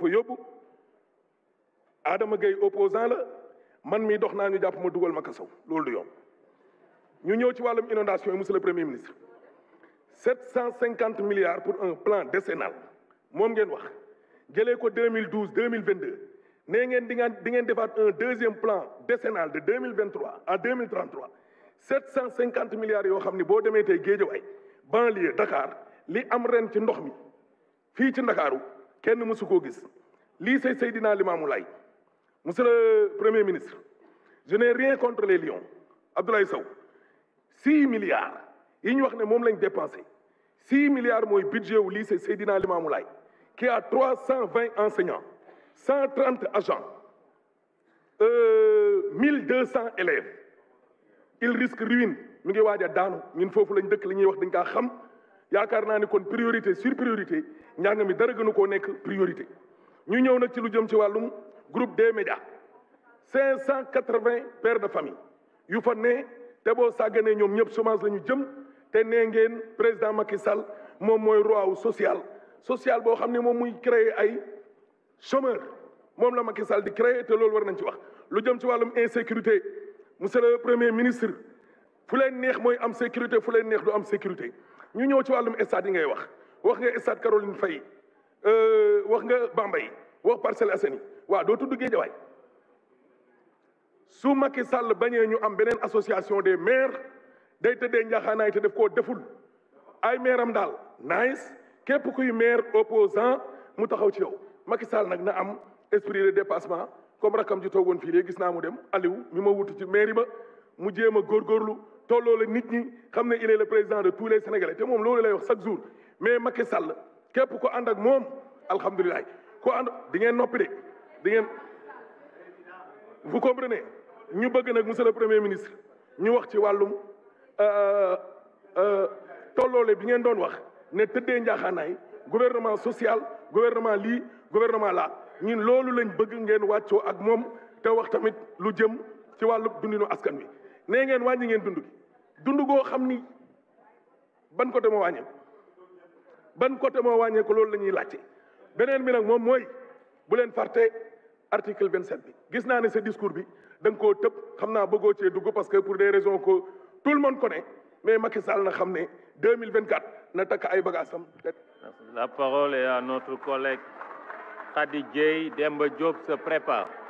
fa yóbbu Adama Gueye opposant la man mii dox naa ñu jàpp ma dugal ma kasaw loolu du yomb ñu ñëw ci wàllum inondation yi monsieur le premier ministre sept cent cinquante milliards pour un plan décennal moom ngeen wax jëlee ko deux mille douze deux mille vingt deux nee ngeen di ngeen di ngeen defaat un deuxième plan décennal de à deux mille trente cent cinquante milliards yoo xam ne boo demee tey Géejawaay banlieue Dakar li am ren ci ndox mi fii ci Ndakaaru monsieur le premier ministre je n'ai rien contre les lions abdoulaye sow 6 milliards ils wax né mom 6 milliards de budget au lycée sey sayidina qui a 320 enseignants 130 agents 1200 euh, élèves il risque ruine ruiner. yaakaar naa ni kon priorité sur priorité njàng mi dara gënu koo nekk priorité ñu ñëw nag ci lu jëm ci wàllum groupe des médias cinq cent quatre-vingts pères de famille yu fa ne te boo sàgganee ñoom ñëpp chômage lañu jëm te nee ngeen président Macky Sall moom mooy roi wu social social boo xam ne moom muy créer ay chômeur moom la Macky Sall di créer te loolu war nañ ci wax lu jëm ci wàllum insécurité monsieur le premier ministre fu leen neex mooy am sécurité fu leen neex du am sécurité ñu ñëw ci wàllum stade yi ngay wax wax nga stade Caroline Faye euh, wax nga Bambey wax Parcelles Assainies waa doo tudd Guédiawaye su Macky sàll bañee ñu am beneen association des maire day tëddee njaaxaanaay te def koo deful ay mairam daal nice képp kuy maire opposant mu taxaw ci yow Macky Sall nag na am esprit de dépassement comme rakam ji toogoon fii léegi gis naa mu dem Aliou mi ma wutu ci mairie ba mu jéem a góorgóorlu Tout le nit ñi il est le président de tous les sénégalais te mom lay wax chaque jour mais Macky Sall képp ko ànd ak moom ko ànd di ngeen nopi dé di ngeen vous comprenez ñu bëgg nak monsieur le premier ministre ñu wax ci wàllum euh, euh, euh, le bi ngeen doon wax ne le gouvernement social gouvernement li, gouvernement nous ñun le lañ bëgg ngeen waccio ak mom te wax tamit lu jëm ci walu dundinu askan wi nee ngeen wàññi ngeen dund gi dund goo xam ni ban côté moo wàññeeku ban côté moo wàññeeku loolu la ñuy laajte beneen bi nag moom mooy bu leen farte article vingt sept bi gis naa ne sa discours bi da ko koo tëb xam naa bëggoo cee dugg parce que pour des raisons que tout le ko ne mais Macky Sall na xam ne deux mille vingt quatre na takk ay de La parole est à notre collègue Khady Dieye. Demba Diop sa prépare.